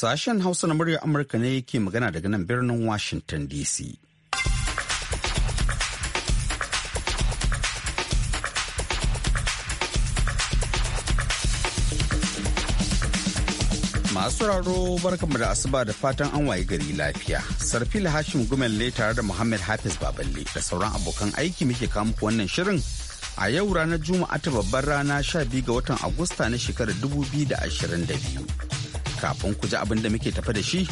Sashen Hausa na muryar Amurka ne yake magana daga nan birnin Washington DC. Masu raro barkanmu da asuba da fatan an waye gari lafiya. Sarfil Hashim Gumelle tare da Muhammad Hafiz Baballe da sauran abokan aiki muke kawo muku wannan shirin a yau ranar Juma'a ta babbar rana 12 ga watan Agusta na shekarar 2022. kafin ku ji abin da muke tafa da shi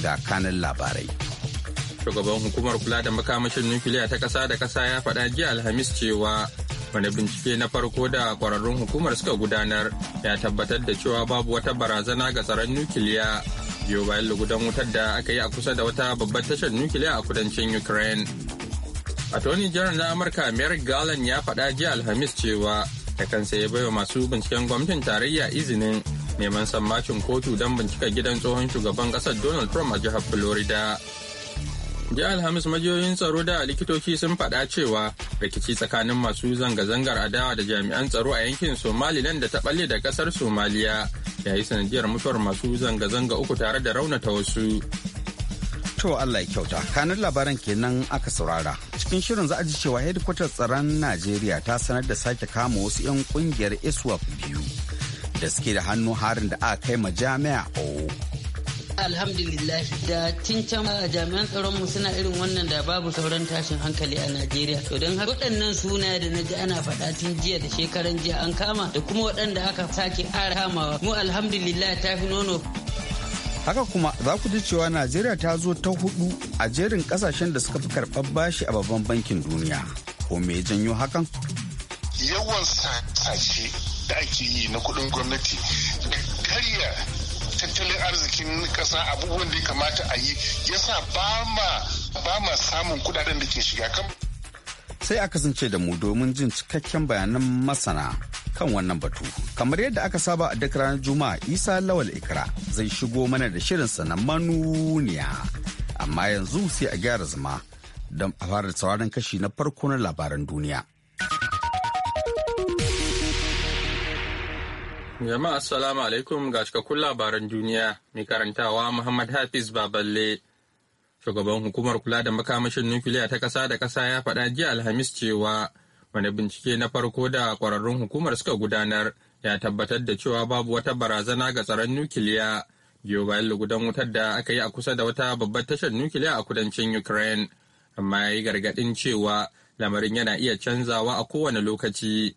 ga kanan labarai. Shugaban hukumar kula da makamashin nukiliya ta kasa da kasa ya faɗa jiya Alhamis cewa wani bincike na farko da kwararrun hukumar suka gudanar ya tabbatar da cewa babu wata barazana ga tsaron nukiliya biyo bayan lugudan wutar da aka yi a kusa da wata babbar tashar nukiliya a kudancin Ukraine. Attorney General na Amurka Mayor Garland ya faɗa jiya Alhamis cewa da kansa ya baiwa masu binciken gwamnatin tarayya izinin neman sammacin kotu don bincika gidan tsohon shugaban kasar donald trump a jihar florida jiya alhamis majiyoyin tsaro da likitoci sun faɗa cewa rikici tsakanin masu zanga-zangar adawa da jami'an tsaro a yankin somaliland da ta balle da kasar somaliya ya yi sanadiyar mutuwar masu zanga-zanga uku tare da raunata wasu to Allah ya kyauta kanin labaran kenan aka saurara cikin shirin za a ji cewa hedikwatar tsaron najeriya ta sanar da sake kama wasu 'yan kungiyar biyu da suke da hannu harin da aka kai ma jami'a alhamdulillah da tun jami'an tsaron mu suna irin wannan da babu sauran tashin hankali a najeriya to don haka waɗannan suna da na ji ana faɗa tun jiya da shekaran jiya an kama da kuma waɗanda aka sake ƙara kamawa mu alhamdulillah ta fi nono haka kuma za ku ji cewa najeriya ta zo ta hudu a jerin kasashen da suka fi karɓar bashi a babban bankin duniya ko me janyo hakan yawan sashe. da ake yi na kuɗin gwamnati da karya tattalin arzikin kasa abubuwan da ya kamata a yi yasa ba ma ba ma samun kudaden da ke shiga kan sai a kasance da mu domin jin cikakken bayanan masana kan wannan batu kamar yadda aka saba a duk ranar juma'a isa lawal ikra zai shigo mana da shirinsa na manuniya amma yanzu sai a gyara zama don a fara sauraron kashi na farko na labaran duniya Jama'a assalamu alaikum ga cikakkun labaran duniya mai karantawa Muhammad Hafiz Baballe. Shugaban hukumar kula da makamashin nukiliya ta ƙasa da ƙasa ya faɗa jiya Alhamis cewa wani bincike na farko da ƙwararrun hukumar suka gudanar ya tabbatar da cewa babu wata barazana ga tsaron nukiliya biyo bayan lugudan wutar da aka yi a kusa da wata babbar tashar nukiliya a kudancin Ukraine. Amma ya yi gargaɗin cewa lamarin yana iya canzawa a kowane lokaci.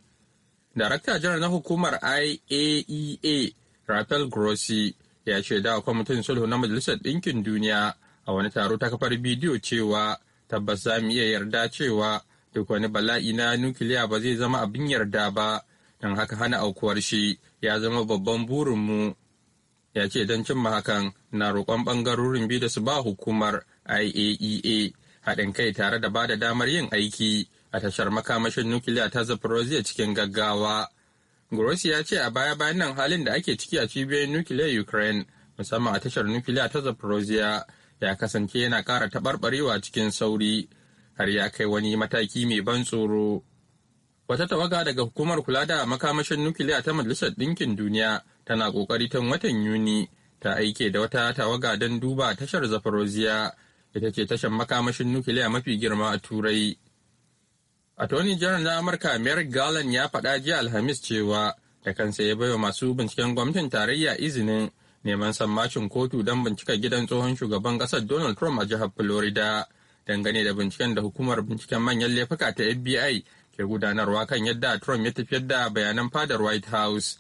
Darakta janar na hukumar IAEA e Rafael Grossi ya shaida wa kwamitin sulhu na Majalisar Ɗinkin Duniya a wani taro ta kafar bidiyo cewa tabbas za mu iya yarda cewa duk wani bala'i na nukiliya ba zai zama abin yarda ba don haka hana aukuwar shi ya zama babban burinmu ya ce don cimma hakan na roƙon ɓangarorin biyu da su ba hukumar IAEA e haɗin kai tare da ba da damar yin aiki a tashar makamashin nukiliya ta Zaporozhye cikin gaggawa. Grossi ya ce a baya bayan nan halin da ake ciki a cibiyoyin nukiliyar Ukraine musamman a tashar nukiliya ta Zaporozhye ya kasance yana ƙara taɓarɓarewa cikin sauri har ya kai wani mataki mai ban tsoro. Wata tawaga daga hukumar kula da makamashin nukiliya ta Majalisar Ɗinkin Duniya tana ƙoƙari tun watan Yuni ta aike da wata tawaga don duba tashar Zaporozhye ita ce tashar makamashin nukiliya mafi girma a Turai. Attorney General na Amurka Merrick Garland ya faɗa jiya Alhamis cewa da kansa ya baiwa masu binciken gwamnatin tarayya izinin neman sammacin kotu don bincika gidan tsohon shugaban ƙasar Donald Trump a jihar Florida dangane da binciken da hukumar binciken manyan laifuka ta FBI ke gudanarwa kan yadda Trump ya tafiyar da bayanan fadar White House.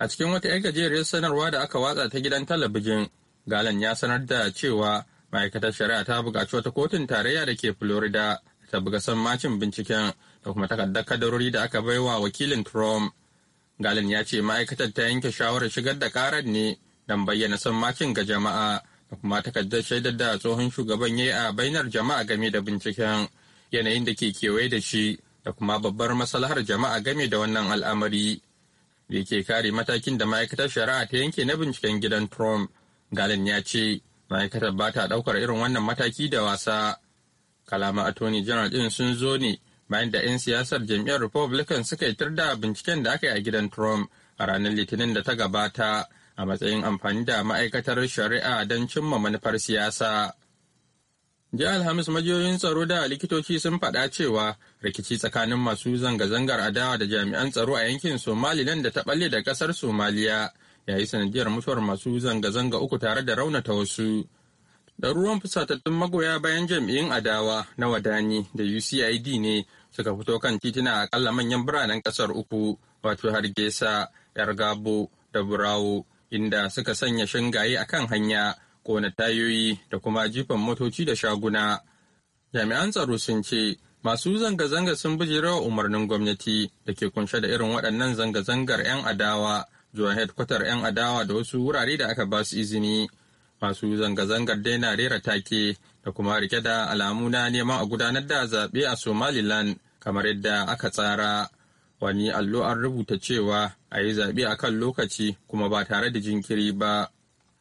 A cikin wata 'yar gajeriyar sanarwa da aka watsa ta gidan talabijin, Galan ya sanar da cewa ma'aikatar shari'a ta buƙaci wata kotun tarayya da ke Florida ta buga macin binciken da kuma takardar kadarori da aka bai wa wakilin Trump. Galin ya ce ma'aikatar ta yanke shawarar shigar da karar ne don bayyana macin ga jama'a da kuma takardar shaidar da tsohon shugaban ya yi a bainar jama'a game da binciken yanayin da ke kewaye da shi da kuma babbar maslahar jama'a game da wannan al'amari. Da ke kare matakin da ma'aikatar shari'a ta yanke na binciken gidan Trump. Galin ya ce ma'aikatar ba ta ɗaukar irin wannan mataki da wasa. kalama attorney general din sun zo ne bayan da 'yan siyasar jam'iyyar republican suka yi da binciken da aka yi a gidan trump a ranar litinin da ta gabata a matsayin amfani da ma'aikatar shari'a don cimma manufar siyasa jiya alhamis majiyoyin tsaro da likitoci sun faɗa cewa rikici tsakanin masu zanga-zangar adawa da jami'an tsaro a yankin somaliland da ta balle da ƙasar somaliya ya yi sanadiyar mutuwar masu zanga-zanga uku tare da raunata wasu ruwan fusatattun magoya bayan jam'iyyun adawa na Wadani da UCID ne suka fito kan titina a manyan biranen ƙasar uku wato Hargesa, Yargabo da Burawo inda suka sanya shingaye a kan hanya kona tayoyi da kuma jifan motoci da shaguna. Jami'an tsaro sun ce masu zanga-zanga sun bijirewa umarnin gwamnati da ke kunshe da irin waɗannan zanga-zangar 'yan adawa zuwa hedkwatar 'yan adawa da wasu wurare da aka ba su izini. masu zanga-zangar daina rera take da kuma rike da alamu na neman a gudanar da zaɓe a somaliland kamar yadda aka tsara wani allo an rubuta cewa a yi zaɓe a kan lokaci kuma ba tare da jinkiri ba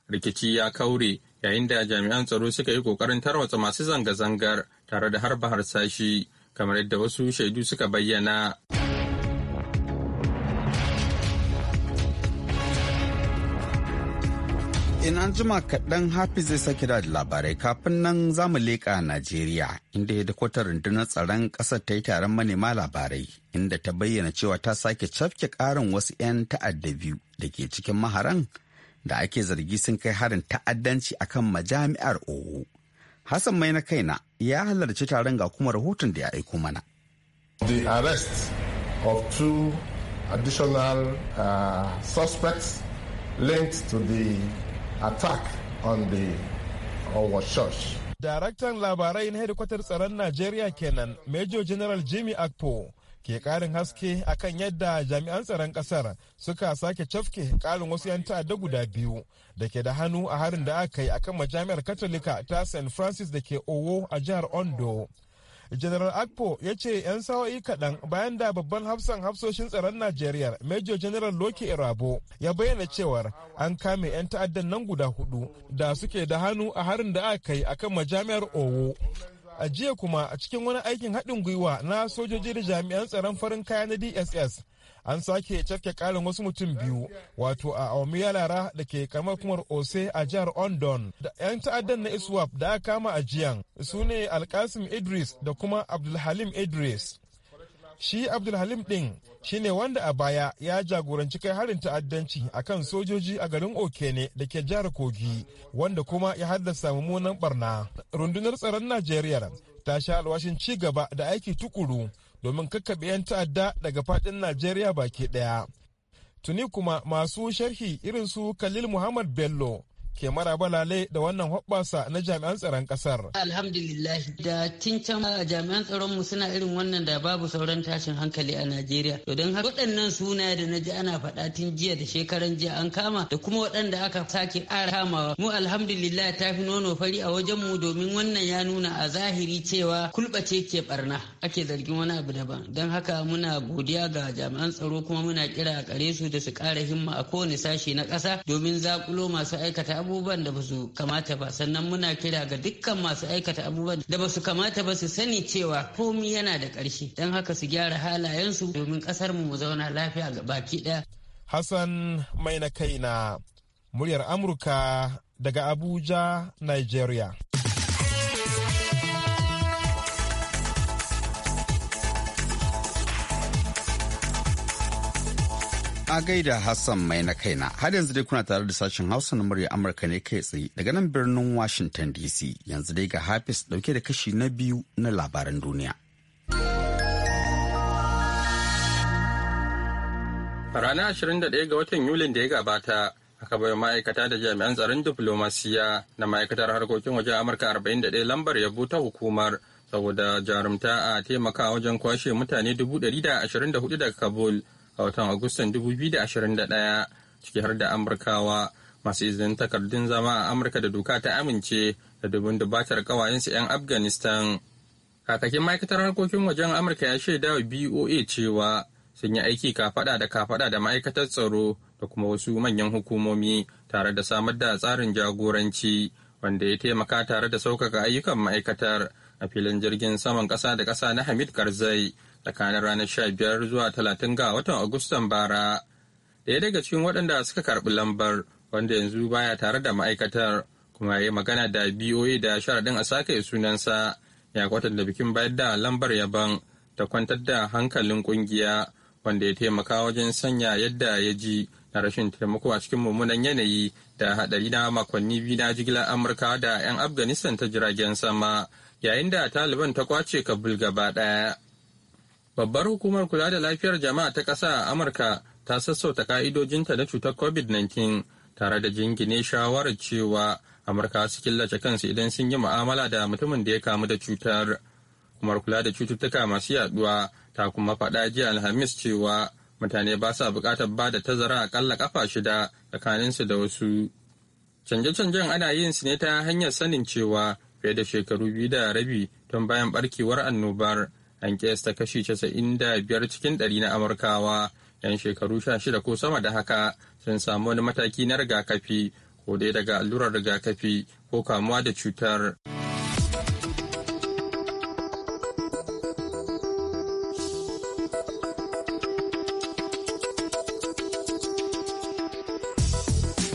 rikici ya kaure yayin da jami'an tsaro suka yi ƙoƙarin tarwatsa masu zanga-zangar tare da harba harsashi kamar yadda wasu shaidu suka bayyana. In an jima kaɗan Hafi zai sake da labarai kafin nan za mu leƙa Najeriya inda ya dakwatar rundunar tsaron ƙasar ta yi taron manema labarai inda ta bayyana cewa ta sake cafke ƙarin wasu 'yan ta'adda biyu da ke cikin maharan da ake zargi sun kai harin ta'addanci akan majami'ar oho, Hassan mai na kaina ya halarci taron ga kuma rahoton da ya aiko mana. The arrest of two additional uh, suspects linked to the attack on the our church. Daraktan labarai na hedikwatar tsaron Najeriya kenan, Major General Jimmy Akpo ke karin haske akan yadda jami'an tsaron kasar suka sake cafke karin wasu 'yan ta'adda guda biyu da ke da hannu a harin da aka yi akan majami'ar katolika ta st francis da ke owo a jihar ondo General Akpo ya ce 'yan sawa'i kaɗan bayan da babban hafsan hafsoshin tsaron Najeriya Major General Loki Irabo ya bayyana cewar an kame 'yan ta'addan nan guda hudu da suke da hannu a harin da aka kai akan majami'ar Owo. A jiya kuma a cikin wani aikin haɗin gwiwa na sojoji da jami'an tsaron farin kaya na DSS an sake cafke karin wasu mutum biyu wato a aumiya lara da ke kamar kumar ose a jihar ondon da 'yan ta'addan na iswap da aka kama a jiyan su ne alkasim idris da kuma abdulhalim idris shi abdulhalim din shine wanda a baya ya jagoranci kai harin ta'addanci a kan sojoji a garin okene da ke jihar kogi wanda kuma ya haddasa mummunan barna rundunar tsaron najeriya ta sha alwashin ci gaba da aiki tukuru domin kakkaɓe 'yan ta'adda daga faɗin Najeriya baki ɗaya. Tuni kuma masu sharhi irin su Khalil Muhammad Bello ke mara balale da wannan hoɓɓasa na jami'an tsaron ƙasar. Alhamdulillah da a jami'an tsaron mu suna irin wannan da babu sauran tashin hankali a Najeriya. To don haka waɗannan suna da na ji ana faɗa tun jiya da shekaran jiya an kama da kuma waɗanda aka sake ƙara kamawa. Mu alhamdulillah ta fi nono fari a wajen mu domin wannan ya nuna a zahiri cewa kulɓace ke ɓarna. ake zargin wani abu daban. Don haka muna godiya ga jami'an tsaro kuma muna kira a kare su da su ƙara himma a kowane sashe na ƙasa domin zaƙulo masu aikata abubuwan da ba su kamata ba sannan muna kira ga dukkan masu aikata abubuwan da ba su kamata ba su sani cewa komi yana da ƙarshe don haka su gyara halayensu domin ƙasar mu zauna lafiya ga baki ɗaya. Hassan mai na kai na muryar Amurka daga Abuja, Nigeria. A gaida Hassan mai na kaina har yanzu dai kuna tare da sashen Hausa na murya Amurka ne kai tsaye daga nan birnin Washington DC yanzu dai ga Hafiz dauke da kashi na biyu na labaran duniya. Ranar 21 ga watan Yulin da ya gabata aka bai ma'aikata da jami'an tsaron diflomasiya na ma'aikatar harkokin wajen Amurka 41 lambar yabo ta hukumar saboda jarumta a taimaka wajen kwashe mutane 124 daga Kabul. a watan Agustan 2021 ciki har da Amurkawa masu izinin takardun zama a Amurka da doka ta amince da dubin dubatar kawayensu 'yan Afghanistan. Kakakin ma'aikatar harkokin wajen Amurka ya shaida wa BOA cewa sun yi aiki kafada da kafada da ma'aikatar tsaro da kuma wasu manyan hukumomi tare da samar da tsarin jagoranci wanda ya taimaka tare da saukaka ayyukan ma'aikatar a filin jirgin saman ƙasa da ƙasa na Hamid Karzai tsakanin ranar 15 zuwa 30 ga watan Agustan bara. Daya daga cikin waɗanda suka karɓi lambar wanda yanzu baya tare da ma'aikatar kuma ya yi magana da BOA da sharaɗin a sake sunansa ya kwatanta bikin bayar da lambar yaban ta kwantar da hankalin ƙungiya wanda ya taimaka wajen sanya yadda ya ji na rashin taimako a cikin mummunan yanayi da haɗari na makonni biyu na jigilar Amurka da 'yan Afghanistan ta jiragen sama yayin da Taliban ta kwace Kabul gaba ɗaya. Babbar hukumar kula da lafiyar jama'a ta ƙasa a Amurka ta sassauta ka'idojinta na cutar COVID-19 tare da jingine shawarar cewa Amurka su killace kansu idan sun yi mu'amala da mutumin da ya kamu da cutar. Hukumar kula da cututtuka masu yaduwa ta kuma faɗa jiya Alhamis cewa mutane ba sa buƙatar ba da tazara aƙalla ƙafa shida tsakaninsu da wasu. Canje-canjen ana yin su ne ta hanyar sanin cewa fiye da shekaru biyu da rabi tun bayan ɓarkewar annobar an kiyasta kashi 95 cikin ɗari na amurkawa 'yan shekaru 16 ko sama da haka sun samu wani mataki na rigakafi ko dai daga allurar rigakafi ko kamuwa da cutar.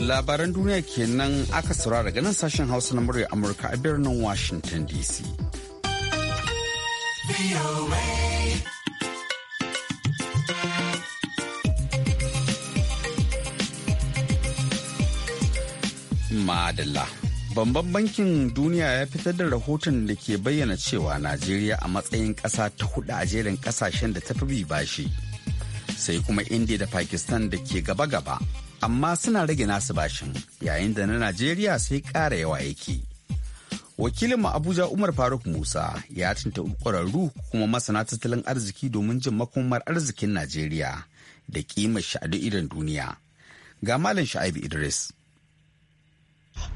Labaran duniya kenan aka saurara daga nan sashen Hausa na murya Amurka a birnin Washington DC. Madalla. Bamban bankin duniya ya fitar da rahoton da ke bayyana cewa Najeriya a matsayin ƙasa ta hudu a jerin ƙasashen da ta tafi bi bashi. Sai kuma India da Pakistan da ke gaba-gaba, amma suna rage nasu bashin, yayin da na Najeriya sai ƙara yawa yake. wakilin abuja umar faruk musa ya tuntuɓi ƙwararru kuma masana tattalin arziki domin jin makomar arzikin najeriya da kimar shi a idan duniya ga malam sha'ib idris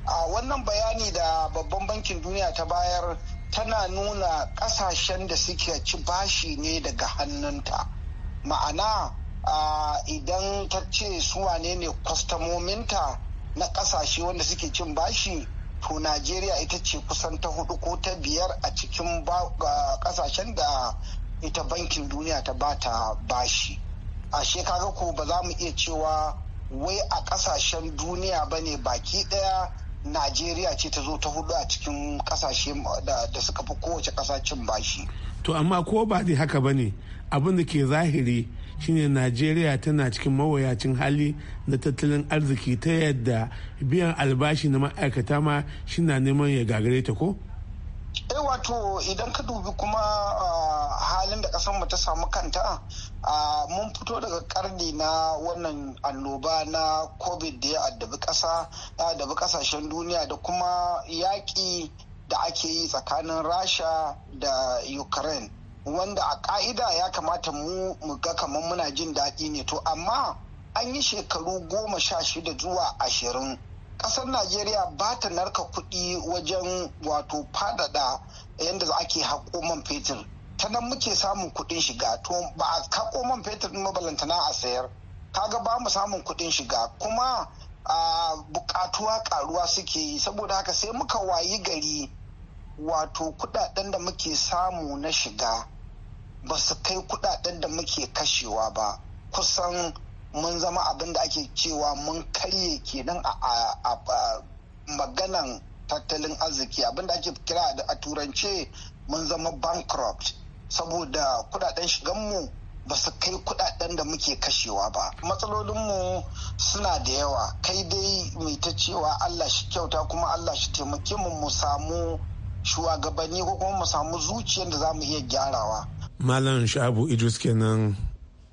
a wannan bayani da babban bankin duniya ta bayar tana nuna kasashen da suke ci bashi ne daga hannunta ma'ana idan ta ce su wanene ne kwastamominta na kasashe wanda suke cin bashi to najeriya ita ce kusan ta hudu ko ta biyar a cikin kasashen da ita bankin duniya ta bata bashi a kaga ko ba za mu iya cewa wai a kasashen duniya ba ne baki daya najeriya ce ta zo ta hudu a cikin kasashe da suka fi kowace kasashen bashi to amma ko ba dai haka ba ne abin da ke zahiri shine najeriya tana cikin mawuyacin hali na tattalin arziki ta yadda biyan albashi na ma'aikata ma shina neman ya gagare ta ko eh wato idan ka dubi kuma halin da mu ta samu kanta mun fito daga karni na wannan annoba na covid da ya addabi kasa ya addabi ƙasashen duniya da kuma yaƙi da ake yi tsakanin rasha da ukraine wanda a ka'ida ya kamata mu mu ga kamar muna jin daɗi ne to amma an yi shekaru goma sha shida zuwa ashirin ƙasar najeriya ba ta narka kuɗi wajen wato faɗaɗa yadda ake haƙo man fetur ta nan muke samun kuɗin shiga to ba a haƙo man fetur ɗin mabalantana a sayar kaga ba mu samun kuɗin shiga kuma a ah, buƙatuwa ƙaruwa suke yi saboda haka sai muka wayi gari wato kudaden da muke samu na shiga ba su kai kudaden da muke kashewa ba kusan mun zama abin da ake cewa mun karye kenan a maganan tattalin arziki abin da ake kira a turance mun zama bankrupt saboda kudaden shiganmu ba su kai kudaden da muke kashewa ba matsalolinmu suna da yawa kai dai mai ta cewa allah shi kyauta kuma allah shi taimake mu mu samu shugabanni ko kuma mu samu zuciyar da za mu iya gyarawa. Malam Sha'abu Idris kenan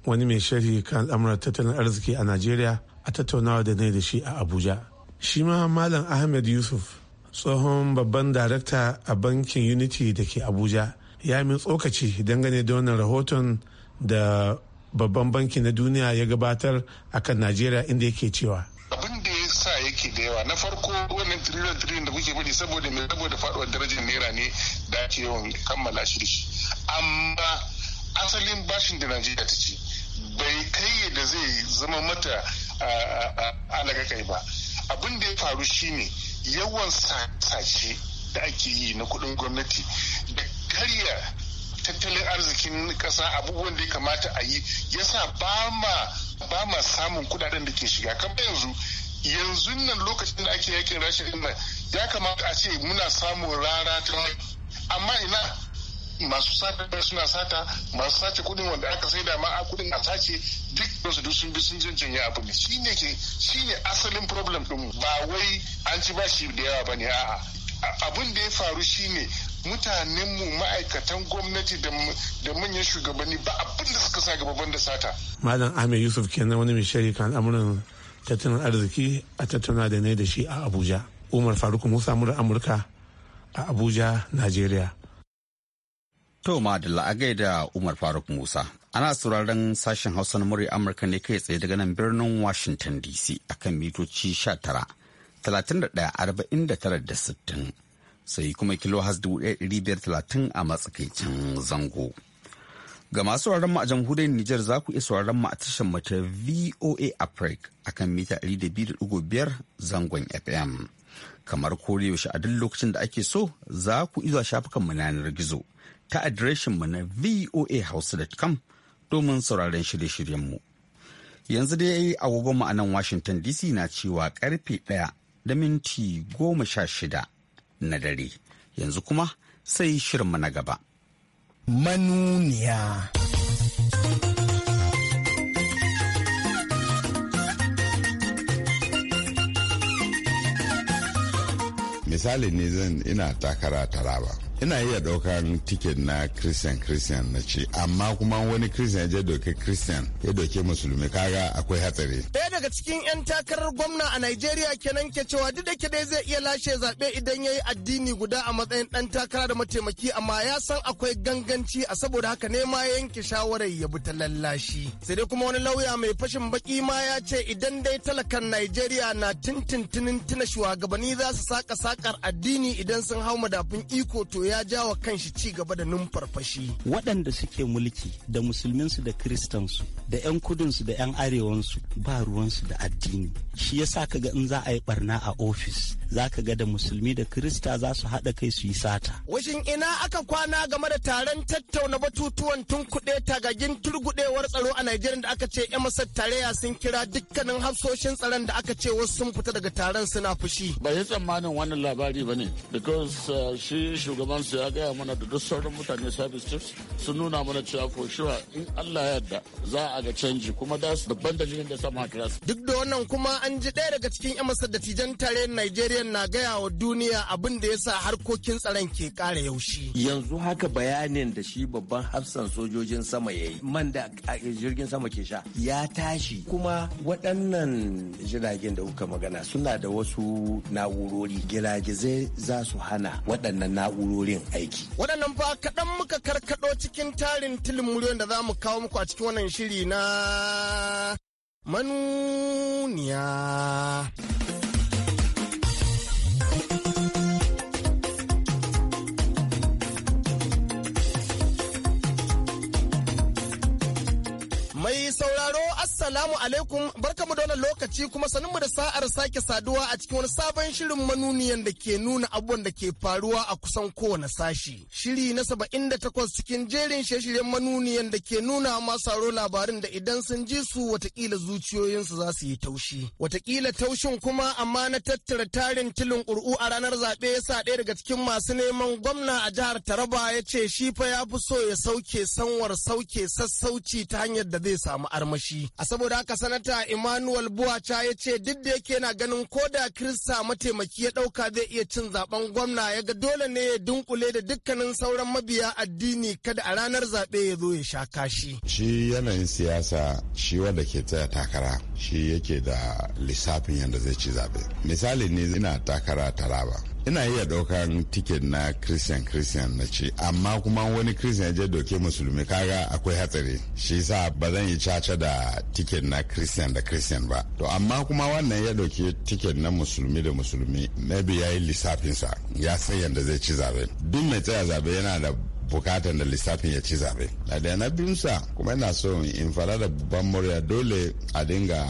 wani mai sharhi kan al'amuran tattalin arziki a Najeriya a tattaunawa da ne da shi a Abuja. Shi ma Malam Ahmed Yusuf tsohon babban darakta a bankin Unity da ke Abuja ya min tsokaci dangane da wannan rahoton da babban banki na duniya ya gabatar akan Najeriya inda yake cewa. yake da yawa na farko wannan trillion trillion da kuke bari saboda mai saboda faduwar darajar naira ne da ake yawan kammala shi da shi amma asalin bashin da najeriya ta ce bai kai da zai zama mata alagakai ba abin da ya faru shine yawan sace da ake yi na kudin gwamnati da karya tattalin arzikin kasa abubuwan da ya kamata a yi yasa sa ba ma samun kudaden da ke shiga kamar yanzu yanzu nan lokacin da ake yakin rashin ina nan ya kamata a ce muna samun rara ta amma ina masu sata suna sata masu sace kudin wanda aka da ma a kudin a sace duk su duk sun bi sun janye abu ne ne ke ne asalin problem din ba wai an ci bashi da yawa bane a'a abin da ya faru shine mutanenmu ma'aikatan gwamnati da manyan shugabanni ba abin da suka sa gaba da sata. Malam Ahmed Yusuf kenan wani mai shari'a kan al'amuran tattalin arziki a tattauna da ne da shi a abuja umar faruk musa mura amurka a abuja najeriya to madalla a gaida umar faruk musa ana sauraron sashen hausa na murya amurka ne kai tsaye daga nan birnin washington dc akan mitoci 19 31 da 60 sai kuma kilo 1530 a matsakaicin zango. Ga masu sauraron mu a jamhuriyar Nijar za ku iya sauraron mu a tashar mu ta VOA Africa akan mita 200.5 zangon FM. Kamar kore yaushe a duk lokacin da ake so za ku iya shafukan mu yanar gizo ta adireshin mu na voahouse.com domin sauraron shirye-shiryen mu. Yanzu dai agogon mu a nan Washington DC na cewa karfe ɗaya da minti goma na dare. Yanzu kuma sai shirin mu na gaba. manuniya. misali ne zan ina takara taraba ina iya daukan tiket na christian christian na ci amma kuma wani christian ya doke christian ya doke musulmi kaga akwai hatsari daga cikin 'yan takarar gwamna a Najeriya kenan ke cewa duk da ke dai zai iya lashe zaɓe idan ya yi addini guda a matsayin ɗan takara da mataimaki amma ya san akwai ganganci a saboda haka ne ma yanke shawarar ya bi ta lallashi. Sai dai kuma wani lauya mai fashin baki ma ya ce idan dai talakan Najeriya na tintintinin tuna shugabanni za su saka sakar addini idan sun hau madafin iko to ya jawa kanshi ci gaba da numfarfashi. Waɗanda suke mulki da musulminsu da kiristansu da 'yan kudinsu da 'yan arewansu ba ruwan ruwansu da addini shi yasa ga in za a yi barna a ofis za ka ga da musulmi da kirista za su haɗa kai su yi sata. wajen ina aka kwana game da taron tattauna batutuwan kuɗe tagagin turgudewar tsaro a Najeriya da aka ce emerson masar tarayya sun kira dukkanin hafsoshin tsaron da aka ce wasu sun fita daga taron suna fushi. Ba yi tsammanin wannan labari ba ne, because uh, shi shugaban su ya gaya mana da duk sauran mutane service chiefs sun nuna mana cewa ko in Allah ya yarda za a ga canji kuma da babban dalilin da sama kira Duk da wannan kuma an ji ɗaya daga cikin 'yan masadatijan tare Najeriya na gaya wa duniya abin da ya sa harkokin tsaron ke ƙara yaushi. Yanzu haka bayanin da shi babban hafsan sojojin sama ya yi man da jirgin sama ke sha ya tashi kuma waɗannan jiragen da kuka magana suna da wasu na'urori giragizai za su hana waɗannan na'urorin aiki. Waɗannan fa kaɗan muka karkaɗo cikin tarin tilin muryoyin da za mu kawo muku a cikin wannan shiri na manuniya. Assalamu alaikum barkamu da wannan lokaci kuma saninmu da sa'ar sake saduwa a cikin wani sabon shirin manuniyan da ke nuna abubuwan da ke faruwa a kusan kowane sashi. Shiri na saba'in da takwas cikin jerin shirye-shiryen manuniyan da ke nuna masu aro labarin da idan sun ji su watakila zuciyoyinsu za su yi taushi. Watakila taushin kuma amma na tattara tarin tilin ƙur'u a ranar zaɓe ya sa ɗaya daga cikin masu neman gwamna a jihar Taraba ya ce shi fa ya fi so ya sauke sanwar sauke sassauci ta hanyar da zai samu armashi. saboda haka sanata emmanuel buwacha ya ce duk da yake na ganin ko da kirista mataimaki ya ɗauka zai iya cin zaben gwamna ya ga dole ne ya dunkule da dukkanin sauran mabiya addini kada a ranar zaɓe ya zo ya sha kashi shi yanayin siyasa shi wanda ke tsaya takara shi yake da lissafin yadda zai ci zaɓe misali ne ina takara taraba ina iya daukan tiket na christian christian na ci amma kuma wani christian je doke musulmi kaga akwai hatsari shi yasa ba zan yi caca da tiket na christian da christian ba to amma kuma wannan ya doke tiket na musulmi da musulmi maybe ya yi lissafinsa ya san yadda zai ci zabe duk mai tsaya zabe yana da bukatan da lissafin ya ci zabe na da na biyunsa kuma yana so in fara da babban murya dole a dinga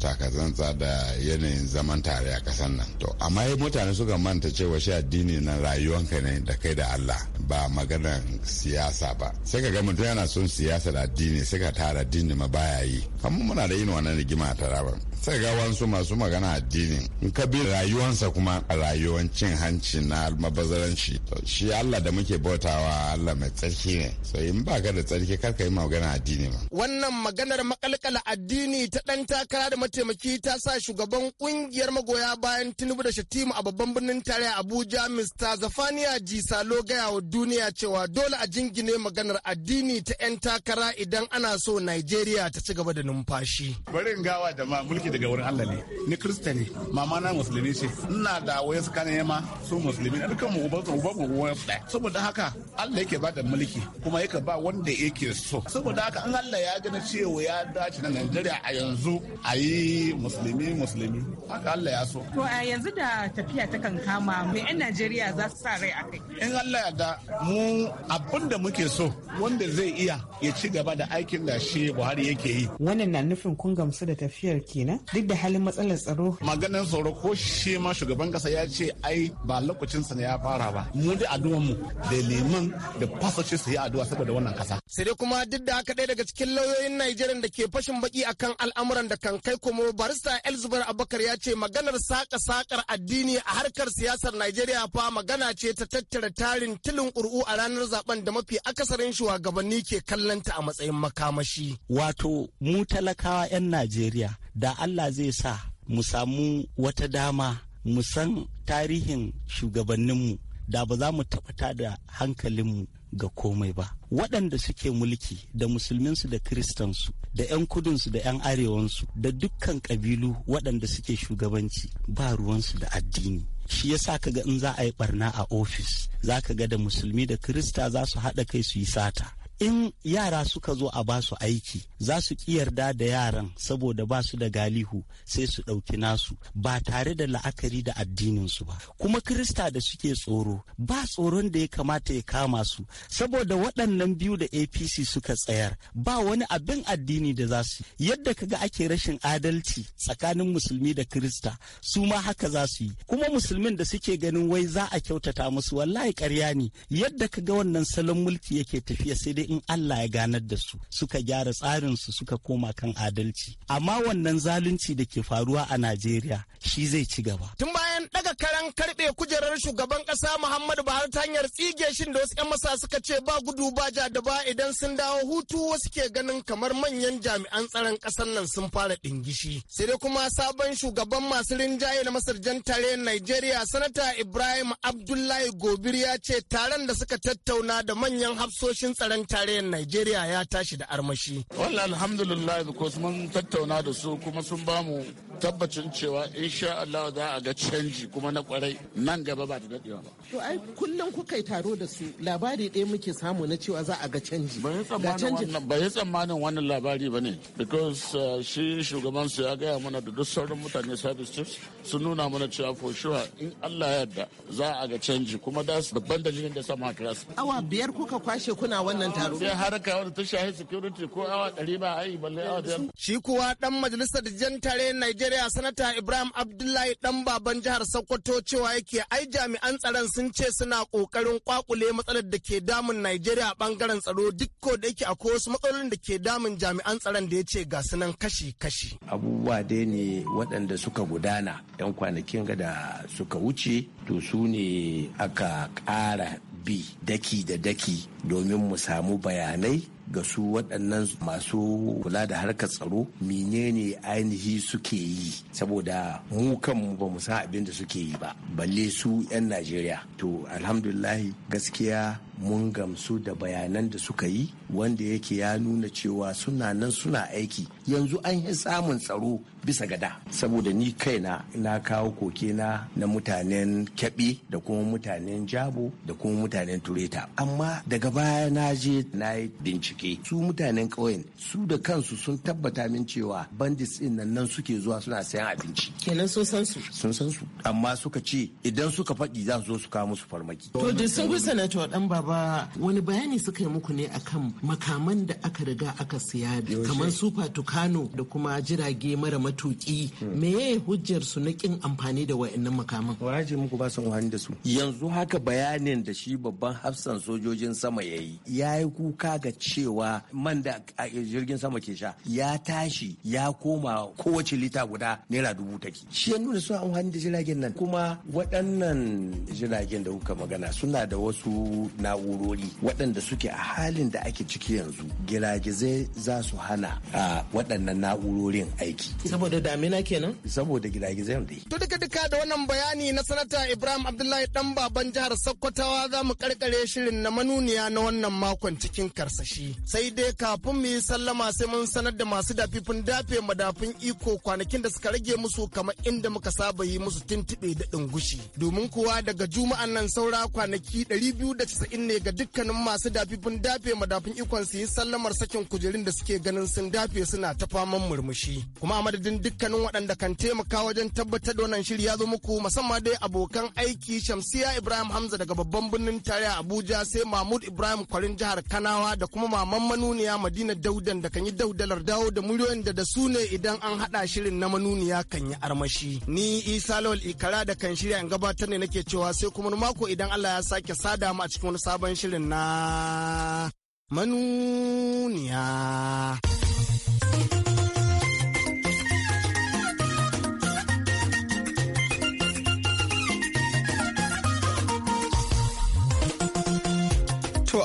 takazantsa da yanayin zaman tare a kasan nan to amma mutane suka manta cewa shi addini na rayuwanka ne da kai da Allah ba maganar siyasa ba sai ka ga mutum yana son siyasa da addini sai ka tara addini ma baya yi amma muna da yin wannan rigima a taraba sai ga wasu masu magana addini in ka bi rayuwansa kuma rayuwan cin hanci na mabazaranci shi Allah da muke bautawa Allah mai tsarki ne so in ka da tsarki kar ka yi magana addini ma wannan maganar makalkala addini ta dan takara da mataimaki ta sa shugaban kungiyar magoya bayan Tinubu da Shatima a babban birnin tarayya Abuja Mr. Zafaniya Jisalo gaya wa duniya cewa dole a jingine maganar addini ta 'yan takara idan ana so Najeriya ta ci gaba da numfashi. Bari in gawa da ma mulki daga wurin Allah ne. Ni Kirista ne, mama na musulmi ce. Ina da wayan su kanin yama su musulmi na dukkan mu ubansu uban mu wayan ɗaya. Saboda haka Allah yake ba da mulki kuma yake ba wanda yake so. Saboda haka an Allah ya gani cewa ya dace na Najeriya a yanzu a yi musulmi musulmi. Haka Allah ya so. To a yanzu da tafiya ta kan kama me 'yan Najeriya za su sa rai a kai. In Allah ya da mu abin da muke so wanda zai iya ya ci gaba da aikin da shi buhari yake yi wannan na nufin kun gamsu da tafiyar kenan duk da halin matsalar tsaro maganar tsaro ko shi ma shugaban kasa ya ce ai ba lokacin sa ne ya fara ba mu da addu'ar mu da liman da fasoci su yi addu'a saboda wannan kasa sai dai kuma duk da haka ɗaya daga cikin lauyoyin Najeriya da ke fashin baki akan al'amuran da kan kai kuma barista Elzubar Abubakar ya ce maganar saka sakar addini a harkar siyasar Najeriya fa magana ce ta tattara tarin tilin ƙuri'u a ranar zaben da mafi akasarin shugabanni ke kallanta a matsayin makamashi. Wato mu talakawa 'yan Najeriya da Allah zai sa mu samu wata dama mu san tarihin shugabanninmu da ba za mu taɓa da hankalinmu ga komai ba waɗanda suke mulki da musulminsu da kiristansu da 'yan kudinsu da 'yan arewansu da dukkan ƙabilu waɗanda suke shugabanci ba ruwansu da addini shi yasa ga in za a yi barna a ofis za ka ga da musulmi da kirista za su haɗa kai su yi sata in yara suka zo a basu aiki za su ki yarda da yaran saboda ba su da galihu sai su ɗauki nasu ba tare da la'akari da addininsu ba kuma krista da suke tsoro ba tsoron da ya kamata ya kama su saboda waɗannan biyu da apc suka tsayar ba wani abin addini da za su yadda kaga ake rashin adalci tsakanin musulmi da krista su ma haka za su yi kuma musulmin da suke ganin wai za a kyautata musu wallahi karya ne yadda kaga wannan salon mulki yake tafiya sai dai in Allah ya ganar da su suka gyara tsarin su suka koma kan adalci amma wannan zalunci da ke faruwa a Najeriya shi zai ci gaba tun bayan daga karan karbe kujerar shugaban kasa Muhammadu Buhari ta hanyar tsige shi da wasu 'yan masa suka ce ba gudu ba ja da ba idan sun dawo hutu wasu ke ganin kamar manyan jami'an tsaron kasar nan sun fara dingishi sai dai kuma sabon shugaban masu rinjaye na Masar jan tare Najeriya sanata Ibrahim Abdullahi Gobir ya ce taron da suka tattauna da manyan hafsoshin tsaron tarayyar Najeriya ya tashi da armashi. Wallahi alhamdulillah because mun tattauna da su kuma sun bamu tabbacin cewa insha Allah za a ga canji kuma na kwarai nan gaba ba da daɗewa ba. To ai kullum kuka yi taro da su labari ɗaya muke samu na cewa za a ga canji. Ba yi tsammanin wannan labari ba ne because uh, shi shugaban su ya gaya mana da duk sauran mutane service chiefs sun nuna mana cewa for sure in Allah ya yarda za a ga canji kuma da babban dalilin da sama kira su. Awa biyar kuka kwashe kuna wannan taro. Sai haraka wani ta shahi security ko awa ɗari ba ayi balle awa biyar. Shi kuwa ɗan majalisar jan tare Nigeria Najeriya sanata Ibrahim Abdullahi dan baban jihar Sokoto cewa yake ai jami'an tsaron sun ce suna kokarin kwakule matsalar da ke damun Najeriya bangaren tsaro ko da yake akwai wasu matsalolin da ke damun jami'an tsaron da yace ga sunan kashi-kashi. Abubuwa dai ne waɗanda suka gudana 'yan kwanakin ga da suka wuce to su ne aka ƙara bi daki da daki domin mu samu bayanai ga su waɗannan masu kula da harkar tsaro menene ainihi suke yi saboda mu kanmu ba mu san abin da suke yi ba balle su 'yan najeriya to alhamdulillahi gaskiya mun gamsu da bayanan da suka yi wanda yake ya nuna cewa suna nan suna aiki yanzu an yi samun tsaro bisa gada saboda ni kaina na kawo koke na na mutanen kyaɓe da kuma mutanen jabo da kuma mutanen tureta amma daga baya na je na yi bincike su mutanen kauyen su da kansu sun tabbata min cewa bandits din nan nan suke zuwa suna sayan abinci kenan sun san su sun san su amma suka ce idan suka faɗi za su zo su kawo musu farmaki to da sun gusa na dan baba wani bayani suka yi muku ne akan makaman da aka riga aka siya kamar su fatuka kano da kuma jirage mara matuki hmm. meye hujjar su na kin amfani da wa'annan makaman waje muku ba su amfani da su yanzu haka bayanin da shi babban hafsan sojojin sama yayi yi kuka ga cewa man da jirgin sama ke sha ya tashi ya koma kowace lita guda naira dubu take shi ya nuna suna amfani da jiragen nan kuma waɗannan jiragen da kuka magana suna da wasu na'urori waɗanda suke a halin da ake ciki yanzu giragizai za su hana a waɗannan na'urorin aiki. Saboda damina kenan? Saboda gida gidagizan dai. To duka duka da wannan bayani na sanata Ibrahim Abdullahi ɗan baban jihar Sokotawa za mu karkare shirin na manuniya na wannan makon cikin karsashi. Sai dai kafin mu yi sallama sai mun sanar da masu dafifin dafe madafin iko kwanakin da suka rage musu kamar inda muka saba yi musu tuntuɓe da ɗungushi. Domin kuwa daga juma'an nan saura kwanaki 290 ne ga dukkanin masu dafifin dafe madafin ikon su yi sallamar sakin kujerun da suke ganin sun dafe suna yana ta faman murmushi kuma a madadin dukkanin waɗanda kan taimaka wajen tabbatar da wannan shiri ya zo muku musamman dai abokan aiki Shamsiya Ibrahim Hamza daga babban birnin tarayya Abuja sai Mahmud Ibrahim Kwarin jihar Kanawa da kuma maman manuniya Madina Daudan da kan yi daudalar dawo da muryoyin da da su ne idan an haɗa shirin na manuniya kan yi armashi ni Isa Lawal Ikara da kan shirya in gabatar ne nake cewa sai kuma mako idan Allah ya sake sada mu a cikin wani sabon shirin na manuniya.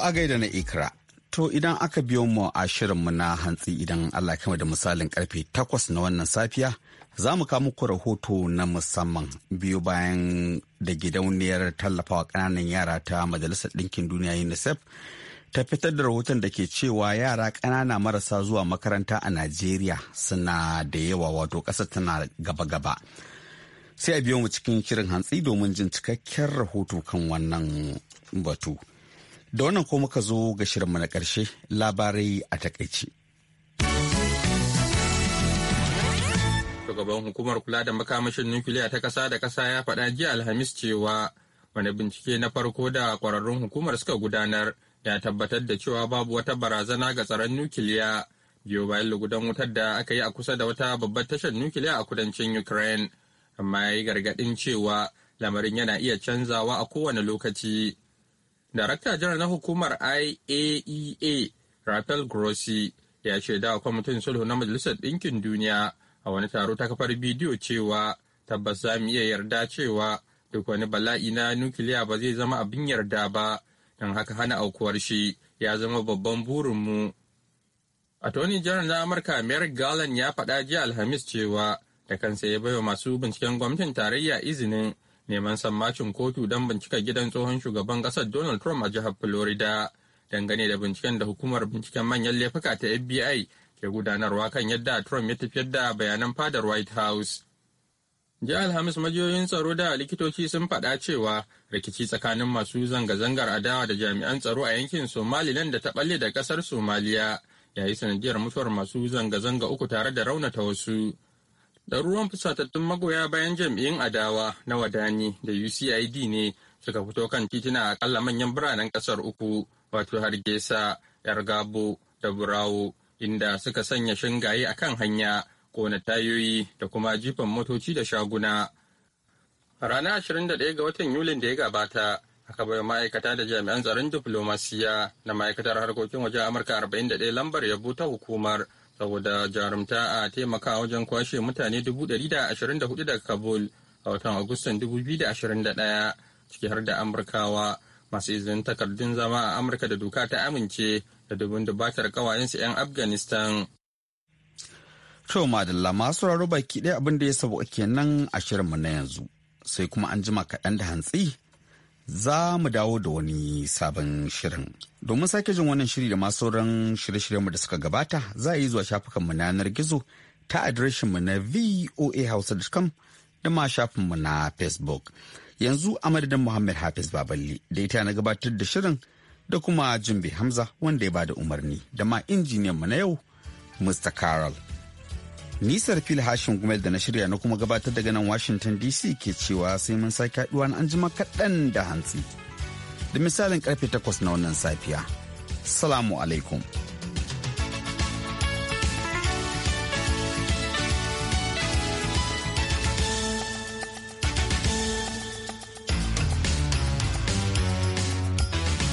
a gaida na ikra. To idan aka biyo mu a shirinmu na hantsi idan Allah kama da misalin karfe takwas na wannan safiya za mu kawo muku rahoto na musamman biyu bayan da gidauniyar tallafawa kananan yara ta Majalisar Ɗinkin Duniya UNICEF ta fitar da rahoton da ke cewa yara ƙanana marasa zuwa makaranta a Najeriya suna da yawa wato ƙasa tana gaba-gaba. Sai a biyo mu cikin shirin hantsi domin jin cikakken rahoto kan wannan batu. Da wannan ko muka zo ga shirinmu na ƙarshe labarai a takaice. Shugaban hukumar kula da makamashin nukiliya ta ƙasa da ƙasa ya faɗa jiya Alhamis cewa wani bincike na farko da ƙwararrun hukumar suka gudanar ya tabbatar da cewa babu wata barazana ga tsaron nukiliya biyo bayan lugudan wutar da aka yi a kusa da wata babbar tashar nukiliya a kudancin Ukraine. Amma ya yi gargaɗin cewa lamarin yana iya canzawa a kowane lokaci. Darakta janar na hukumar IAEA e Rafael Grossi ya shaida da kwamitin sulhu na Majalisar Ɗinkin Duniya a wani taro ta kafar bidiyo cewa tabbas za mu iya yarda cewa duk wani bala'i na nukiliya ba zai zama abin yarda ba don haka hana aukuwar shi ya zama babban burinmu. Attorney General na Amurka Merrick Garland ya faɗa jiya Alhamis cewa da kansa ya baiwa masu binciken gwamnatin tarayya izinin neman sammacin kotu don bincika gidan tsohon shugaban ƙasar donald trump a jihar florida dangane da binciken da hukumar binciken manyan laifuka ta fbi ke gudanarwa kan yadda trump ya tafiyar da bayanan fadar white house jiya alhamis majiyoyin tsaro da likitoci sun faɗa cewa rikici tsakanin masu zanga-zangar adawa da jami'an tsaro a yankin somaliland da ta ɓalle da ƙasar somaliya yayi sanadiyar mutuwar masu zanga-zanga uku tare da raunata wasu Ɗaruruwan fusatattun magoya bayan jam'iyyun adawa na Wadani da UCID ne suka fito kan titina a kalla manyan biranen ƙasar uku wato Hargesa, Yargabo da Burawo inda suka sanya shingaye a kan hanya kona tayoyi da kuma jifan motoci da shaguna. A ranar 21 ga watan Yulin da ya gabata, aka bai ma'aikata da jami'an tsaron diflomasiya na ma'aikatar harkokin wajen Amurka 41 lambar yabo ta hukumar saboda jarumta a taimaka wajen kwashe mutane 124 daga kabul a watan agustan 2021 ciki har da amurkawa masu izinin takardun zama a amurka da doka ta amince da dubin dubatar kawayensu 'yan afghanistan To madalla masu raro baki ɗaya abinda da ya sabo kenan a shirinmu na yanzu sai kuma an jima kaɗan da hantsi za mu dawo da wani sabon shirin. Domin sake jin wannan shiri da masu sauran shirye-shiryenmu da suka gabata za a yi zuwa shafukanmu na yanar gizo ta adireshinmu na voahausa.com da ma shafinmu na Facebook. Yanzu a madadin Muhammad Hafiz Baballe da ita na gabatar da shirin da kuma Jimbe Hamza wanda ya bada umarni da ma injiniyanmu na yau Mr. Carol. Nisar fili hashin gumel da na shirya na kuma gabatar daga nan Washington DC ke cewa sai mun sake haɗuwa na anjima kaɗan da hantsi. Da misalin karfe takwas na wannan safiya. Salamu alaikum.